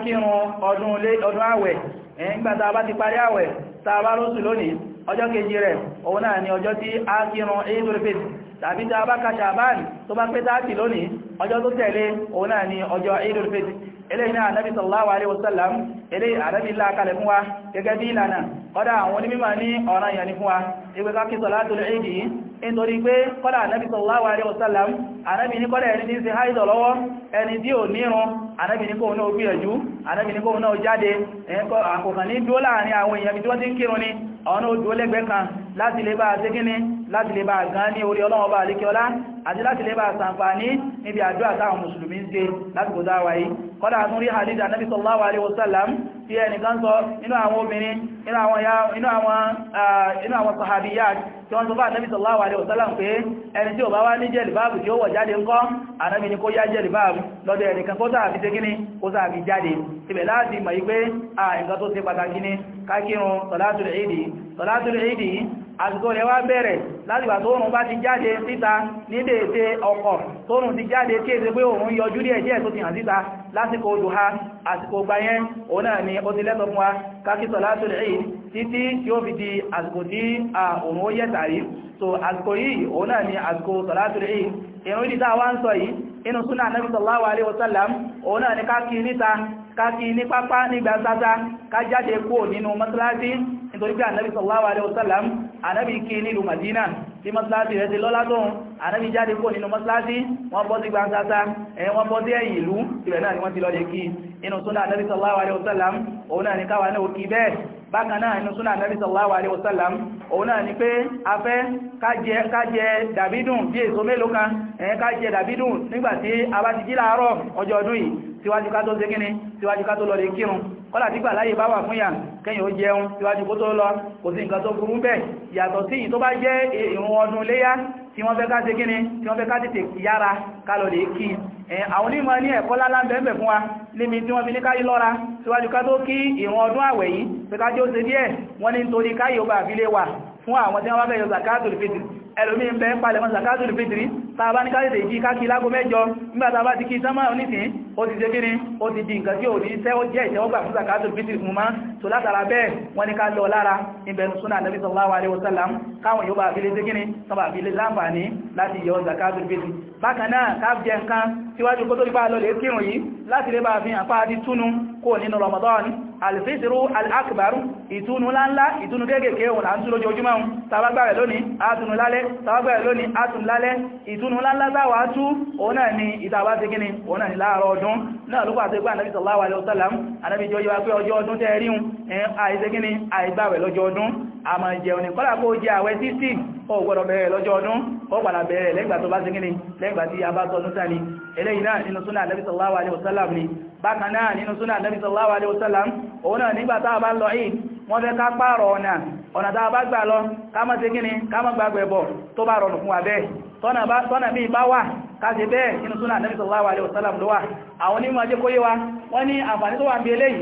ẹ̀yìn ọjọ́ kejì rẹ̀ òun náà ni ọjọ́ tí a kírun Eidul Fitr tàbí tá a bá ka ṣàbáàlì tó bá pé táàtì lónìí ọjọ́ tó tẹ̀lé òun náà ni ọjọ́ Eidul Fitr eléyìn náà anábi sallallahu alaihi wasallam eléyìn anábi ńlá kalẹ̀ fún wa gẹ́gẹ́ bí ìlànà kọ́dá àwọn onímọ̀ ní ọ̀ràn ìyàní fún wa ìwé kákí salatul Eid nítorí pé kọ́dá anábi sallallahu alaihi wasallam anábi ní kọ́dá ẹni tí ń ṣe haidọ̀ lọ́wọ́ ẹni tí ò nírun anábi ní kóhun náà gbìyànjú anábi ní kóhun náà jáde àkọ̀kàn ní dúó láàrin àwọn èèyàn bí tí wọ́n ti ń kírun ni ọ̀nà òdúó lẹ́gbẹ̀ẹ́ kan láti lè bá a ṣe kíní láti lè bá gan ní orí ọlọ́wọ́ bá àlékẹ́ ọlá àti láti lè bá sàǹfàní níbi àdúrà táwọn mùsùlùmí ń ṣe láti kò dáwà yìí kọ́lá àtúnrí hadith anábi sallallahu alaihi wasallam tí ẹnìkan sọ inú àwọn obìnrin inú àwọn sahabiyat tí wọ́n tó bá anábi sallallahu alaihi wasallam pé ẹni tí ó bá wá ní jẹ́lìbáàbù tí ó wọ̀ jáde ńkọ́ anábi ni kó yá jẹ́lìbáàbù lọ́dọ̀ ẹnìkan kó sáàfi tẹ́ gíní kó sáàfi jáde ibẹ̀ láti mọ̀ pé à nǹkan tó ṣe pàtàkì ní kákírun salatul eid salatul eid àsìkò rẹ̀ wá bẹ̀rẹ̀ láti wà èdè ọkọ̀ tóòrùn ti jáde tí èdè pé òun yọjú díẹ̀ díẹ̀ tó ti hàn síta lásìkò odò ha àsìkò gba yẹn òun náà ni ó ti lẹ́tọ̀ fún wa kákítọ̀ látò lẹ́yìn so àsìkò yìí òun náà ni àsìkò tọ̀látò lẹ́yìn ìrún ìdí táwa ń sọ yìí inú súnà Ànábì sallallahu alaihi wasallam òun náà ni ká kí níta ká kí ní pápá nígbà sáta ká jáde kúrò nínú mọ́sálásí nítorí pé Ànábì sallallahu alaihi wasallam kí nílùú Madina tí mọ́sálásí rẹ̀ ti lọ́lá tóun ànábì jáde kó nínú mọ́sálásí wọ́n bọ́ sí gbansasa ẹ̀yìn wọ́n bọ́ sí ẹ̀yìn ìlú ibẹ̀ náà ni wọ́n ti lọ lè kí inú súnà ànábì sallallahu alaihi wasallam ni káwa náà kí bẹ́ẹ̀ bákan náà inú súnà ànábì sallallahu alaihi wasallam ni pé a fẹ́ kájẹ kájẹ dàbídùn bí èso mélòó kan ẹ̀yìn kájẹ dàbídùn nígbàtí a bá ti jí láàárọ̀ ọjọ́ ọdún yìí síwájú ká tó ṣe kọ́lá tí gbàláyé bá wà fún yà kẹ́yìn ó jẹun síwájú kó tó lọ kò sí nǹkan tó burú bẹ́ẹ̀ yàtọ̀ sí yìí tó bá jẹ́ ìrun ọdún léyá tí wọ́n fẹ́ ká ṣe kíni tí wọ́n fẹ́ ká tètè yára kálọ̀ lè kí àwọn onímọ̀ ní ẹ̀kọ́ lálá ń bẹ̀ẹ̀bẹ̀ fún wa níbi tí wọ́n fi ní káyí lọ́ra síwájú ká tó kí ìrun ọdún àwẹ̀ yìí pé ká ó ṣe díẹ̀ wọ́n ní nítorí káyí ó bá àfilé wà fún àwọn tí wọ́n bá fẹ́ yọ zakatul fitr ẹlòmí ń bẹ ń palẹ̀mọ́ zakatul fitri ta bá ní káyẹ̀tẹ̀ ìjí káàkiri lágó mẹ́jọ nígbàtà bá ti kí sánmà onísìn ó ti ṣe kíní ó ti di nǹkan tí ò ní tẹ́wọ́ jẹ́ ìtẹ́wọ́gbà fún zakatul fitri fún ma tó látara bẹ́ẹ̀ wọ́n ní ká lọ lára ìbẹ̀nu súnà nàbí sallallahu alaihi wasallam káwọn yóò bá fi lè ṣe kíní sọ́bà fi lè láǹfààní láti yọ zakatul fitri bákan náà ká jẹ nǹkan síwájú kó tó kó nínú Ramadan alfisiru al'akbaru ìtúnu láńlá ìtúnu gẹ́gẹ̀kẹ́ òun àti lójoojúmọ́ tàbágbàrẹ̀ lónìí átùnú lálẹ́ tàbágbàrẹ̀ lónìí átùnú lálẹ́ ìtúnu láńlá táwà tú òun náà ni ìtàbá ti gíní òun náà ni láàárọ̀ ọdún náà lókò àti pé ànábì sallallahu alaihi wasallam ànábì jọ yíwa pé ọjọ́ ọdún tẹ́ ríun àìsẹ́gíní àìgbàwẹ̀ lọ́jọ́ ọdún àmà ìjẹun ní kọ́lá kó jẹ àwẹ̀ títí ó gbọ́dọ̀ bẹ̀rẹ̀ lọ́jọ́ ọdún ó padà bẹ̀rẹ̀ lẹ́gbà tó bá sí gíní lẹ́gbà tí a bá tọ́dún sallallahu alaihi wasallam ni bákan náà nínú súnà Nabi sallallahu alaihi wasallam òun náà nígbà tá a bá lọ yìí wọ́n fẹ́ ká pààrọ̀ ọ̀nà ọ̀nà tá a bá gbà lọ ká má ṣe kíni ká má gbàgbẹ̀ bọ̀ tó bá rọrùn Nabi sallallahu alaihi wasallam ló wà àwọn onímọ̀ ajẹ́kóyé wa wọ́n ní àǹfààní tó wà ń bí eléyìí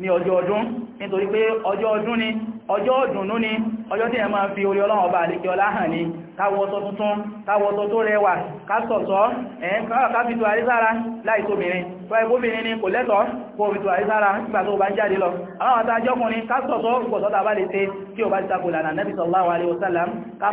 ní ọjọ́ ọdún nítorí pé ọjọ́ ọdún ni ọjọ́ ọdúnnú ni ọjọ́ tí ẹ máa fi orí ọlọ́run ọba àlejò ọlá hàn ní káwọ́sọ tuntun káwọ́sọ tó rẹwà kásọ̀sọ́ ẹ̀ẹ́ tó ẹgbóbìnrin ni kò lẹ́tọ̀ọ́ kó omi tó àìsára nígbà tó bá ń jáde lọ àwọn àtàjọ́kùnrin kásọ̀tọ́ pọ̀tọ́ tàbá lè ṣe kí o bá ti tako lànà nẹ́bí sallallahu alaihi wasallam ká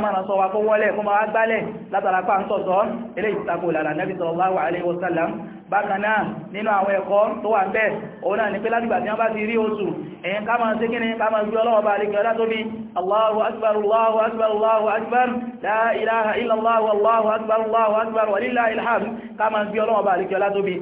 Allahu akbar Allahu akbar Allahu akbar la ilaha illa Allahu Allahu akbar Allahu akbar wa lillahil hamd ká máa gbé ọlọ́wọ́ bá lè gẹ́ọ́lá tó bí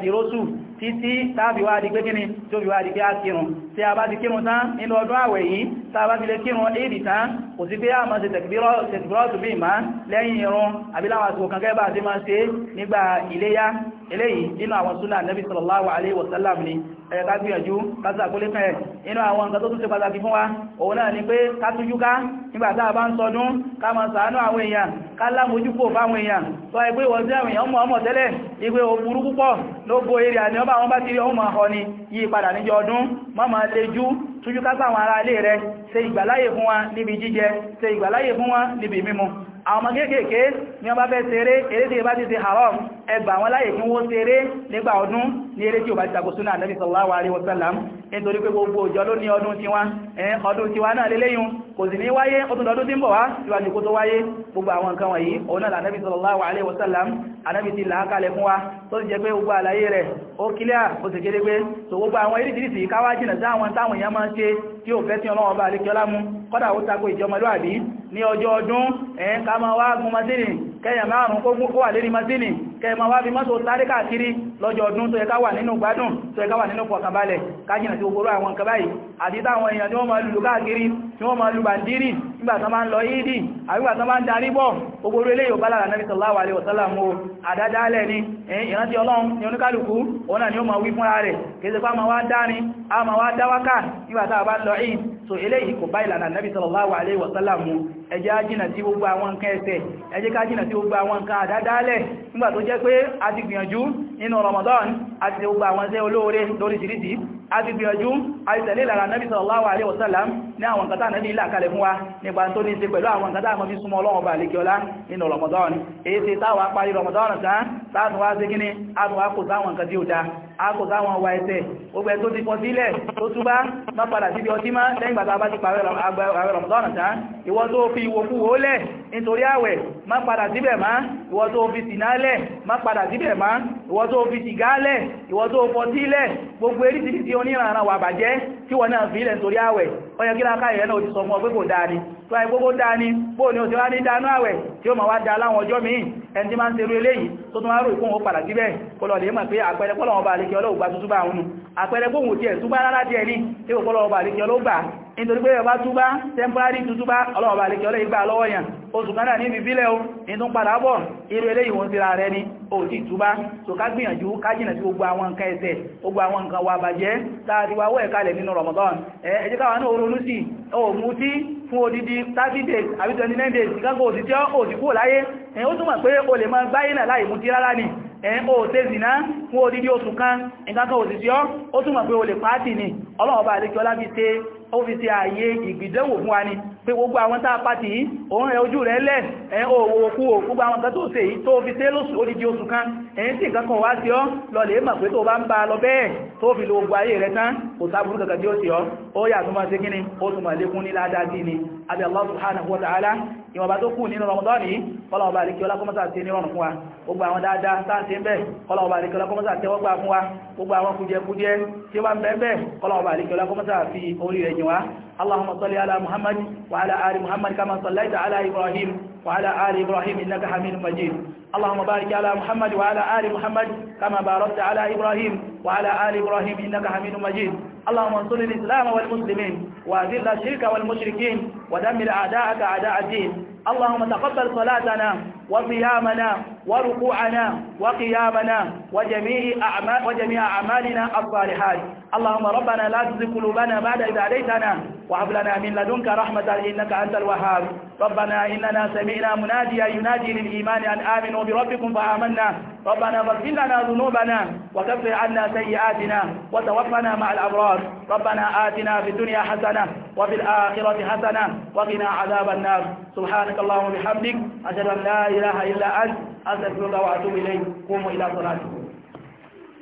ti rósù títí tàbí wá di pé kíni tó fi wá di pé á kírun tí a bá ti kírun tán nínú ọdún àwẹ̀ yìí tàbá ti lè kírun èdè tán kò sí pé a máa ṣe tẹ̀kìbírọ̀tù bí ìmá lẹ́yìn irun àbíláwà àsìkò kan bá ṣe máa ṣe nígbà iléyá eléyìí inú àwọn súnà Ànábì sallallahu alaihi wasallam ni ẹ̀yẹ ká gbìyànjú kásà kó lé pẹ̀ inú àwọn nǹkan tó tún ṣe pàtàkì fún wa òun náà ni pé ká tújú ká nígbàtá bá ń sọdún ká máa ṣàánú àwọn èèyàn ká lámójúkò fáwọn èèyàn tó ẹgbẹ́ ìwọ̀n tí àwọn èèyàn mọ̀ ọmọ tẹ́lẹ̀ ìgbé òkúrú púpọ̀ ló bo eré àní ọba àwọn bá ti rí ọmọ ọ̀họ́ ni yí padà níjọ ọdún má máa lejú tújú ká sáwọn ará ilé rẹ ṣe ìgbàláyè fún wa níbi jíjẹ ṣe ìgbàláyè fún wa níbi mímu àwọn ọmọ kéékèèké ni wọ́n bá fẹ́ ṣeré eré tí bá ti ṣe haram ẹgbà àwọn láyè fún wọ́n ṣeré nígbà ọdún ní eré tí ò bá ti takò súnà Ànábì sallallahu alaihi wasallam nítorí pé gbogbo òjò ló ní ọdún tiwa ọdún tiwa náà léléyìn kò sì ní wáyé ọdún ọdún tí ń bọ̀ wá síwájú kó tó wáyé gbogbo àwọn nǹkan wọ̀nyí òun náà Ànábì sallallahu alaihi wasallam Ànábì ti là á kalẹ̀ fún wa tó ti jẹ́ pé gbogbo àlàyé rẹ̀ ó kílẹ̀ ó sì kéré pé tó gbogbo àwọn irísìírísì káwá jìnà sí àwọn táwọn èèyàn máa ń ṣe tí ò fẹ́ sí ọlọ́wọ́n bá alékiọlá mú kọ́dà ó tako ìjọmọlúwàbí ní ọjọ́ ọdún ẹ̀ẹ́ ká máa wá gun masínì kẹyà márùn-ún kó wà lérí masínì kẹ ma wá bí mọ́tò sáré káàkiri lọ́jọ́ ọdún tó yẹ ká wà nínú gbádùn tó yẹ ká wà nínú pọ̀kànbalẹ̀ kájìnà tí ogoro àwọn nǹkan báyìí àti táwọn èèyàn ni wọ́n ma lù káàkiri tí wọ́n ma lù bàndírì nígbàtán máa ń lọ ìdí àrígbàtán máa ń darí bọ̀ ogoro ilé alaihi wasallam o àdádálẹ̀ ni ìrántí ọlọ́run ni oníkálùkù ọ̀nà ni ó ma wí fúnra rẹ̀ kéèsè pá ma wá dárin a ma wá so eléyìí kò bá ìlànà náà sallallahu alaihi wasallam ẹjẹ́ ájìnà sí gbogbo àwọn nǹkan ẹsẹ̀ ẹjẹ́ kájìnà sí gbogbo àwọn nǹkan àdádálẹ̀ nígbà tó jẹ́ pé a ti gbìyànjú nínú Ramadan a ti gbogbo àwọn iṣẹ́ olóore lóríṣìíríṣìí a ti gbìyànjú a ti tẹ̀lé ìlànà Nabi sallallahu alaihi wasallam ní àwọn nǹkan tánàbí ilá kalẹ̀ fún wa nígbà tó ní Ramadan èyí ṣe táwà parí Ramadan tán tánàwà sí kíní àtúwà kò sáwọn nǹkan tí àkò táwọn wa ẹsẹ̀ gbogbo ẹ̀ tó ti kọ sílẹ̀ tó túbá má padà síbi ọtí má lẹ́yìn bàtà bá ti pàwẹ̀ rọ̀mọ̀dọ́nà tán ìwọ tó fi ìwòkú wò lẹ̀ nítorí àwẹ̀ má padà síbẹ̀ má ìwọ tó fi sìnálẹ̀ má padà síbẹ̀ má ìwọ tó fi sìgálẹ̀ ìwọ tó fọtílẹ̀ gbogbo eríṣiríṣi ni tó àì gbogbo dáa ni bóò ni ó ti wá ní dánú àwẹ̀ àríkẹ́ ọlọ́wọ́ gba túbá àwọn nù àpẹẹrẹ gbóhùn tí ẹ̀ túbá rárá díẹ̀ ní tí kò kọ́lọ́wọ́ àríkẹ́ ọlọ́wọ́ gbà nítorí pé ọba túbá temporary túbá ọlọ́wọ́ àríkẹ́ ọlọ́wọ́ ìgbà lọ́wọ́ yàn oṣù kan náà ní ìbílẹ̀ o ìtún padà bọ̀ irú eléyìí wọn síra rẹ ni o ti túbá so ká gbìyànjú ká jìnà sí gbogbo àwọn nǹkan ẹ̀ṣẹ̀ gbogbo àwọn nǹkan wa bàjẹ́ láti wá wẹ́ẹ̀ kalẹ̀ nínú Ramadan ẹ jẹ́ káwa náà ronú sí ọmú tí fún odidi 30 days àbí 29 days ìgbàgbọ́ òsì tí ó ti kúrò láyé ẹ̀ ó túnmọ̀ pé o lè máa gbáyé náà láì mú tí rárá ni ẹ̀yìn ó tẹ́ fún odidi oṣù kan ìgbàkan òsìsíọ́ ó túnmọ̀ pé o lè pàátì ni ọlọ́ọ̀bá àríkẹ́ ọlábí tẹ́ ó fi ti ààyè ìgbìdẹ́wò fún wa ni pé gbogbo àwọn tàà pàtì yìí òun rẹ̀ ojú rẹ̀ lẹ̀ ẹ̀yìn òwò òkú ò gbogbo àwọn kan tó ṣe yìí tó fi tẹ́ lóṣù odidi oṣù kan ẹ̀yìn tí nǹkan wá sí ọ́ lọlẹ̀ mọ̀ pé tó bá ń bá lọ bẹ́ẹ̀ tó fi lo ogun ayé rẹ̀ tán ni abẹ́ Allah subhanahu wa ta'ala ìwọ̀nba tó kù nínú Ramadan yìí kọ́lọ̀ọ̀bà àríkẹ́ ọlákọ́mọ́sà ti ní rọrùn fún wa gbogbo àwọn dáadáa sáàtì ń bẹ̀ kọ́lọ̀ọ̀bà àríkẹ́ ọlákọ́mọ́sà tẹ́wọ́gbà fún wa gbogbo àwọn kùjẹkùjẹ tí ó bá ń bẹ́ẹ̀ bẹ́ẹ̀ kọ́lọ̀ọ̀bà àríkẹ́ ọlákọ́mọ́sà اللهم صل على محمد وعلى آل محمد كما صليت على إبراهيم وعلى آل إبراهيم إنك حميد مجيد اللهم بارك على محمد وعلى آل محمد كما باركت على إبراهيم وعلى آل إبراهيم إنك حميد مجيد اللهم انصر الإسلام والمسلمين وأذل الشرك والمشركين ودمر أعداءك أعداء الدين اللهم تقبل صلاتنا وصيامنا وركوعنا وقيامنا وجميع أعمال وجميع أعمالنا الصالحات اللهم ربنا لا تزغ قلوبنا بعد إذ هديتنا وهب لنا من لدنك رحمة إنك أنت الوهاب ربنا إننا سمعنا مناديا ينادي للإيمان أن آمنوا بربكم فآمنا ربنا فاغفر لنا ذنوبنا وكفر عنا سيئاتنا وتوفنا مع الأبرار ربنا آتنا في الدنيا حسنة وفي الآخرة حسنة وقنا عذاب النار سبحانك اللهم وبحمدك أشهد أن لا إله إلا أنت أستغفر الله وأتوب إليه قوموا إلى صلاتكم